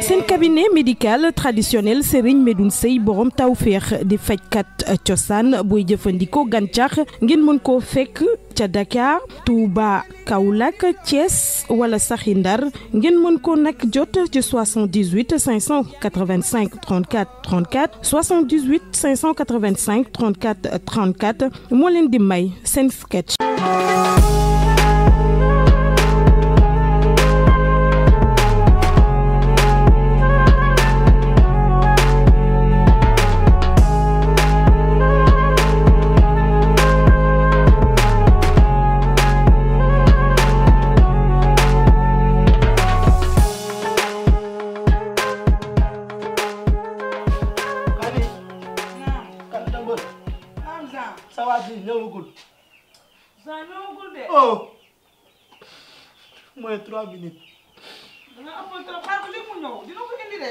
seen cabinet médical traditionnel Serigne medun Sey borom tawféex di fajkat euh, cosaan booy jëfandikoo gàncax ngeen mën koo fekk ca Dakar Touba Kaolack Thiès wala saxi Ndar ngeen mën ko nag jot ci 78 585 34 34 78 585 34 34 moo leen di may seen sketch. trois minutes. da nga amul trop xaar ko léegi mu ñëw dina indi de.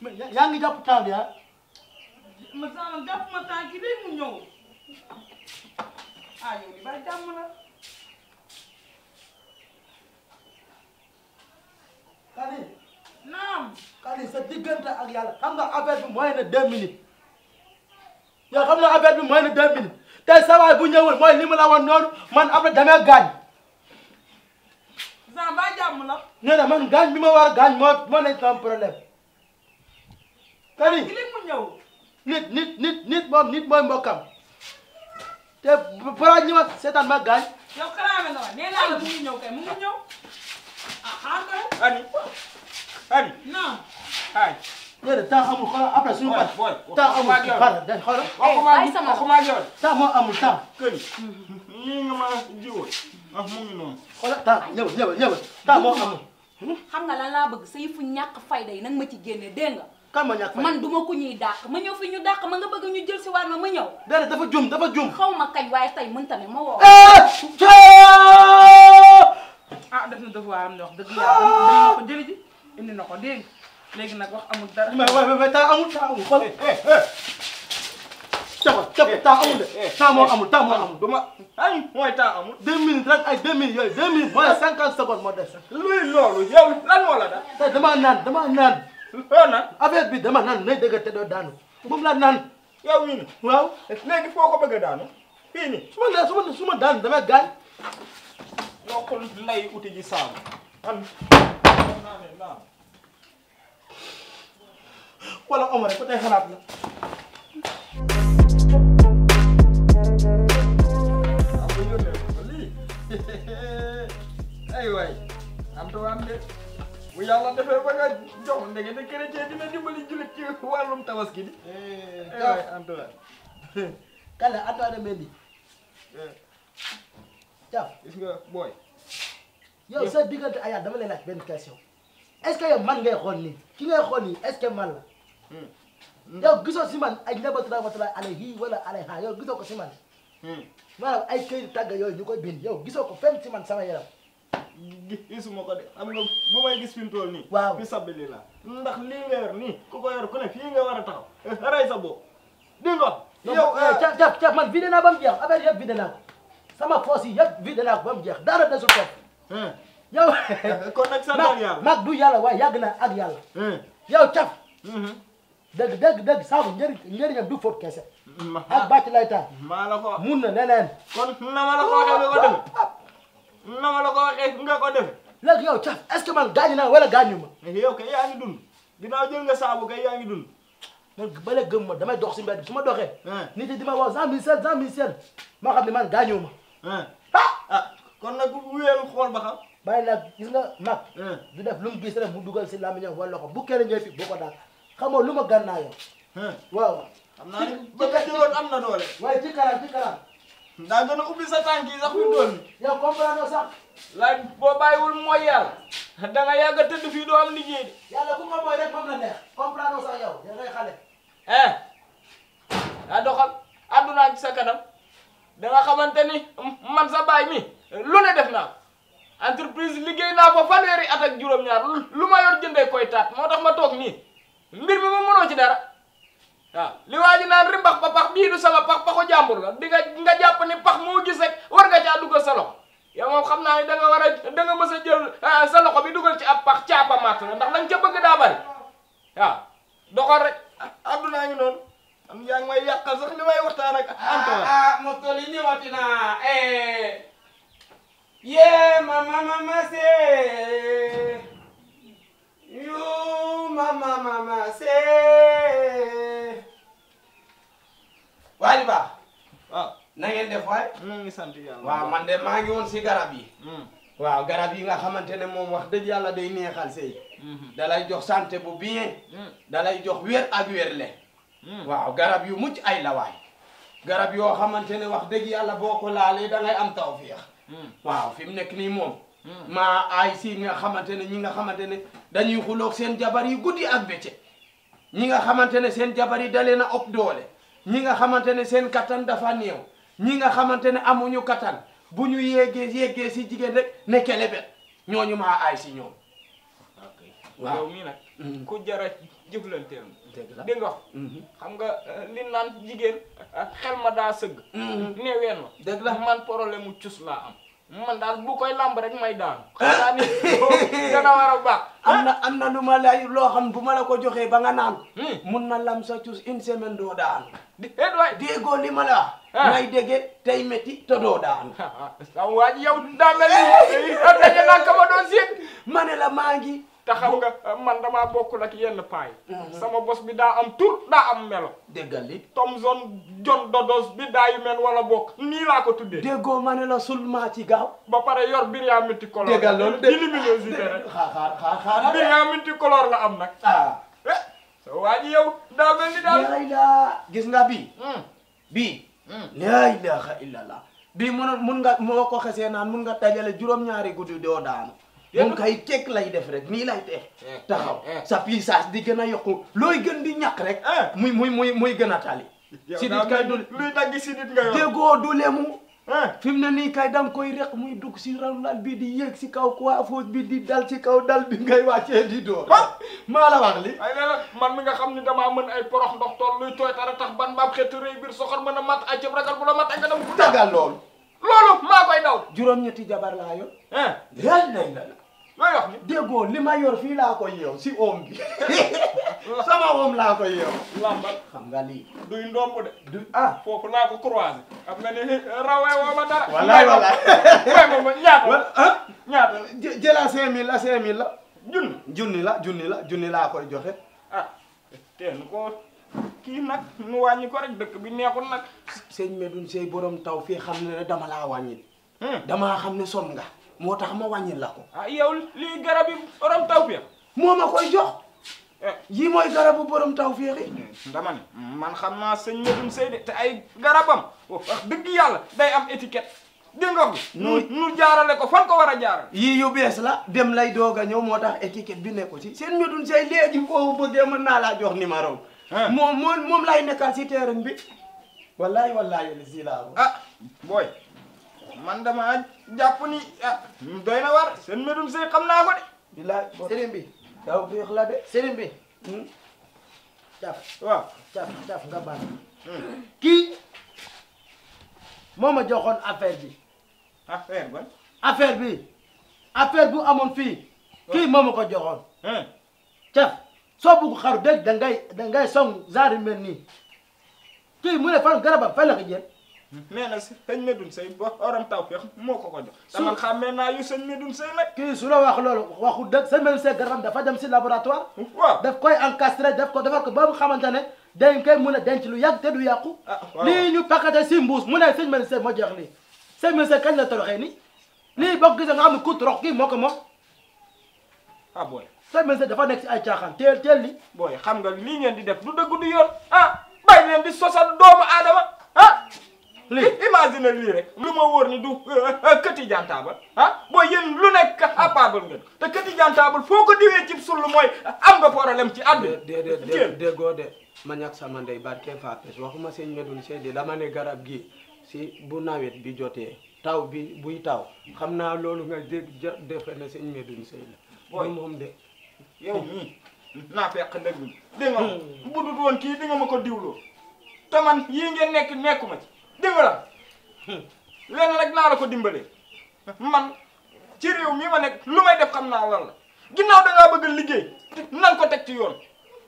mais yaa ngi jàpp temps bi ma sama jàpp ma temps kii léegi mu ñëw. ah yow li bari jàmm la. Kadi. sa ak xam nga affaire bi na minutes. xam nga man après damay gaañ. président ba jàmm la. nee na man gaañ bi ma war a gaañ moo moo nekk sama problème. kani nit mu ñëw. nit nit nit nit moom nit mooy mbokkam te balaa ñu ma seetaan ma gaañ. yow kalaame na wa nee naa la mu ngi ñëw kay mu ngi ñëw ah xaar ko. ani ani. non. ay. déedéet temps amul xoolal après suñu pat. booy booy temps amul par day xoolal. waxumaa waxumaa yoon temps moo amul temps. kër yi. nii nga ma jiwoon. ah mu ngi noonu. xoolal taa ñëwal ñëwal ñëwal taa moo amul. Hmm? xam nga lan laa bëgg sa yëfu ñàkk fayda yi nag ma ci génne dégg nga. kan ma ñàkk fayda man duma ku ñuy dàq ma ñëw fi ñu dàq ma nga bëgg ñu jël si waar ma ma ñëw. déedéet dafa jum dafa jum. xaw ma kañ waaye tey mën tamit ma woo. Eh, ah def na devoir am wax dëgg yàlla indi na ko dégg léegi nag wax amul dara. mais cafa cafa eh, temps amul de. Eh, eh, temps moo amul temps moo amul. du ma ay mooy temps amul. deux minutes rek ay deux minutes yooyu deux minutes mooy cinquante secondes moo des. luy loolu yow lan moo la da. dama naan dama naan. loolu nag affaire bi dama naan nay dëgg te doo daanu moom laa naan. yow mii waaw léegi foo ko bëgg a daanu fii nii. su ma nee su ma su ma daanu damay gaañ. loxol lay uti ji saabu. man wala Omar ko tey xalaat la. ay waay am to am de bu yàlla defee ba nga jox ndege te chrétien dina dimbali julit ci wàllum tabaski di ay waay en tout cas kale attaade bendi jaf gis nga booy yow sa diggante ayaat dama lay laaj benn question est-ce que yow man ngay xool nii ki ngay xool nii est-ce que man la hmm. yow gisoo si man ay nebatu rahmatullahi alayhi wala alayha yow gisoo ko si man hmm. maanaam ay këyit tàgg yooyu ñu koy bind yow gisoo ko fenn si man sama yaram gisuma ko de xam nga bu may gis fi mu toll nii. waaw fi sabili la ndax lii nga yor nii ko yor ku ne fii nga war a taxaw. Eh. Eh, rey sa bopp di nga. yow ca ca ca man vidé naa ba a jeex affaire yëpp de naa ko sama foos yi yëpp vidé naa ko ba mu jeex dara desul ko. Eh. yow. kon nag sant ak yàlla mag du yàlla waaye yàgg na ak yàlla. yow caf. Mm-hmm. dëgg dëgg dëgg saabu njëriñ njëriñam du fóot kese. ak bàcc lay mun na leneen. kon na ma la ko ko dem. Ah, ah. na ma la ko waxee nga ko def léegi yow caaf est-ce que man gaañu naa wala gaañu ma eh, yow kay yaa ngi dund ginnaaw jël nga saabu kay yaa ngi dund man gëm ma damay dox si mbedd su ma doxee eh. nit ñi di ma wax cent mille sept cent mille sept maa xam ne man gaañu ma eh. ah, kon nag wéyal xool ba xam bàyyi nag gis nga mag du def lu mu gis rek mu dugal si lamiñam wala loxo bu kenn ñëw fi bu ko daal xamoo lu ma gànnaa yow waaw xam naa ne ba nga am na doole waaye ci kanam ndaa gën a ubbi sa tànk yi sax fi mu doon. yow comprendre sax. laaj boo bàyyiwul mooy yàlla da nga yàgg a tëdd fii doo am liggéey de. yàlla ya, ku ma mooy rek moom la neex comprendre sax yow da ngay xale. eh daa doxal àdduna ci sa kanam da nga xamante ni man sa baay mi lu ne def naa entreprise liggéey naa ko fanweeri at ak juróom-ñaar lu ma yor jëndee koy taat moo ma toog nii mbir mi ma mënoo ci dara. Ya, li waji nan rimbax ba pax bii du sama pax paxu jàmbur la kan. di nga nga jàpp ni pax mo gis rek war nga caa dugal sa loxo yow ya moom xam naa da nga wara da nga mësa jël eh, sa loxo bi dugal ci ap pax caapa mat la ndax la ca bëgg da bari waaw ya, doxal rek aduna ñu non am yaa may sax li may waxtaan ak Antoine ah, ah, ah Mokhtar yi ñëwaati eh ye mama mama se yu mama mama say. sant yàlla waaw man de maa ngi woon si garab yi. Hmm. waaw garab yi nga xamante ne moom wax dëgg yàlla day neexal sëy hmm. dalay jox sante bu bien. Hmm. dalay jox wér ak wérle. waaw garab yu mucc ay la waay. garab yoo xamante ne wax dëgg yàlla boo ko laalee da ngay am tawféex. waaw fi mu nekk nii moom. maa ay si nga xamante ne ñi nga xamante ne dañuy xuloog seen jabar yi guddi ak bëccëg. ñi nga xamante ne seen jabar yi dalee na ëpp doole. ñi nga xamante ne seen kattan dafa néew. ñi nga xamante ne amuñu kattan bu ñu yégee yéegee si jigéen rek nekkee lebet ñooñu maa aay si ñoom. waaw yow mii nag. Mm-hmm. ku jar a jëflanteel. dëgg nga mm-hmm. xam nga euh, li naan jigéen xel ma daa sëgg. Mm-hmm. neeween ma. dëgg la man problème mu cus laa am. man daal bu koy lamb rek may daan. Ah. xanaa baax. am na am na lu ma lay loo xam bu ma ko joxee ba nga naan. Hmm. mun na lam sa cus une semaine doo daan. di eh, waay déggoo li ma la. ngay ah. dégge tey métti te doo daan. sama waa ji yow daa mel ni. Eh. yow daje ma doon séen. ma la maa te xam nga eh, man dama bokkul ak yenn pay mhm. sama bos bi da am tur da am melo. déggal li Thomson John Dodos bi da yu men wala bok ni la ko tuddé déggoo mané la sul ma ci gaw ba paré yor biria multicolore. déggal loolu dé ha ha ha xaaral biria color la am nak. ah eh, So waji yow da mel ni dal layla gis nga bi bii. Hmm. Hmm. la ilaha illallah bi mun nga moko ko nan mun nga tajale juróom-ñaari guddi do daanu. moom kay kekk lay def rek nii lay def eh, eh, taxaw eh. sa puissance di gën a yokku looy gën di ñàkk rek muy muy muy muy gën a tali sidit kay du luy daggi si nga yor déggoo du lemu fi mu ne nii kay danga koy rek muy dugg si rawlal bi di yéeg si kaw coiffeuse bi di dal si kaw dal bi ngay wàccee di door maa la wax li ay man mi nga xam ni damaa mën ay porox ndox tool luy tooy tara tax ban mbaam xeetu rëy biir soxor mën a mat ay cëb ragal bu la mat ay nga dem ku dagal loolu loolu maa koy juróom-ñetti jabar laa yor. la la. looy wax ni li ma yor fii laa ko yeew si oom bi sama oom laa ko yeew. lambal xam nga lii. duy ndomb de. du ah foofu laa ko croisé. am na ni eh, rawee woo ma dara. wallaay wallaay. waaye moom ñaata ah ñaata jë jëla cinq la cinq mille la. junni la junni la junni laa koy joxe ah, ko. ki nak nu wañi ko rek dekk bi neexul nak sëñ medun sey borom taw fi xamne dama la wañi hmm. dama xamne ne nga motax ma wañi la ko. ah yow li garab borom taw fi moma koy jox. Eh. yi moy garabu borom taw féexi hmm, dama ne man xamna naa medun sey de te ay garabam oh, wax deug yalla day am etiquette dégg nu nu jaarale ko fan ko wara jaar yi yu bes la dem lay doga ñew motax etiquette tax étiquette bi nekku ci seen medun sey léegi ko bëggee mën na la jox numéro moom moom moom laay nekkal si terrain bi wallaay wallaay li ah booy man dama jàpp ni ah doy na war seen medum sey xam naa ko de bilaay sëriñ bi daw biix la de sëriñ bi caaf hmm? waaw nga baal hmm. kii moo ma joxoon affaire bi affaire ba affaire bi bu amoon fii kii moo ma ko joxoon caaf hmm. so bugu khardek dangay dangay song zari menni ki mune fan garaba falak je neena si sëñ medun sey bo oram tawfiq moo ko ko jox dama xàmmee naa yu sëñ medun sey nag kii su la wax loolu waxu dëgg sëñ medun sey garam dafa dem si laboratoire waaw daf koy encastré daf ko defar ko ba mu xamante ne dañ koy mun a denc lu yàgg te du yàqu lii ñu pakate si mbuus mu ne sëñ medun sey moo jeex lii sëñ medun sey kañ la toroxee nii lii bokk gis nga xam ne ku torox kii moo ko moom ah boy sa mel dafa nekk si ay caaxaan teel teel li booy xam nga lii ngeen di def du dëgg du yoon ah bàyyi leen di sosal doomu aadama ah li imagine lii rek lu ma wóor ni du euh, euh, këti jantaabal ah boy yéen lu nekk capable ngeen te këti jantaabal foo ko diwee cib sull mooy am nga problème ci àdduna déedéet déggoo de ma ñàkk sama ndey barke faapes waxuma seen medul seedi dama ne garab gi si bu nawet bi jotee taw bi buy taw xam naa loolu nga dégg defe na seen medul sey la moom de yow mii naa fekk ndëgg mi dégg nga hmm. woon kii di ma ko diwloo te man yii ngeen nekk nekkuma ci dégg nga la hmm. lenn rek naa ko dimbalee man ci réew mii ma nekk lu may def xam naa lan la ginnaaw dangaa bëgg liggéey nan ko teg ci yoon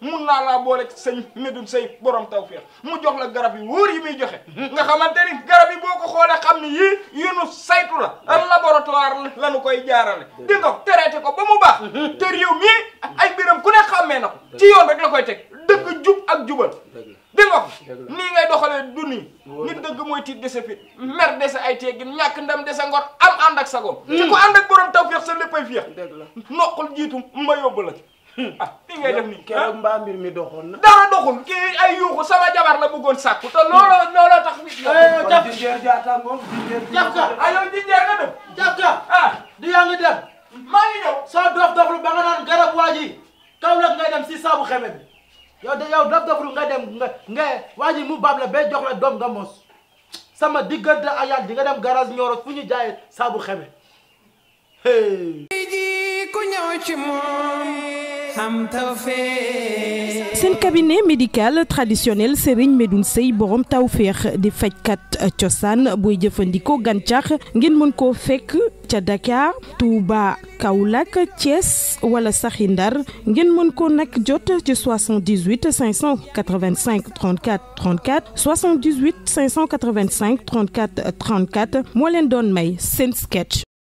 mun naa laa boole sëñ Medoune Seye borom tawféex mu jox la garab yi wóor yi muy joxe. nga xamante ni garab yi boo ko xoolee xam ni yii yunu saytu la. laboratoire la nu koy jaarale. di nga traité ko ba mu baax. te réew mii ay biram ku ne xàmmee na ko. ci yoon rek la koy teg dëgg jub ak jubal. di nga nii ngay doxalee du nii nit dëgg mooy tiit dese fit mer dese ay teggin ñàkk ndam dese ngor am ànd ak sagoom ci ko ànd ak borom tawféex sa léppay féex noqul jiitu ma yóbbu la ah li ngay def nii keroog ah? mbaa mbir mi doxoon na. dara doxul kii ay yuuxu sama jabar la bëggoon sàkku te looloo hmm. looloo tax. Eh, jàpp jinjeer jaataangoon jinjeer. jàpp ka aywa jinjeer nga dem. jàpp ka ah di yaa ngi dem. maa ngi ñëw. soo dof doflu ba nga naan garab waa ji kaw nag ngay dem si saabu xeme bi yow de yow dof doflu nga dem nga nga waa ji mu baab la ba jox la doom nga mos sama diggante ak yàlla di nga dem garage Nioro fu ñu jaayee saabu xeme hey. ku ñëw ci moom. seen cabinet médical traditionnel Serigne Medoune Sey borom tawféex di fajkat cosaan booy jëfandikoo gàncax ngeen mën koo fekk ca Dakar Touba Kaolack Thiès wala saxi Ndar ngeen ko nag jot ci 78 585 34 34 78 585 34 34 moo leen doon may seen sketch.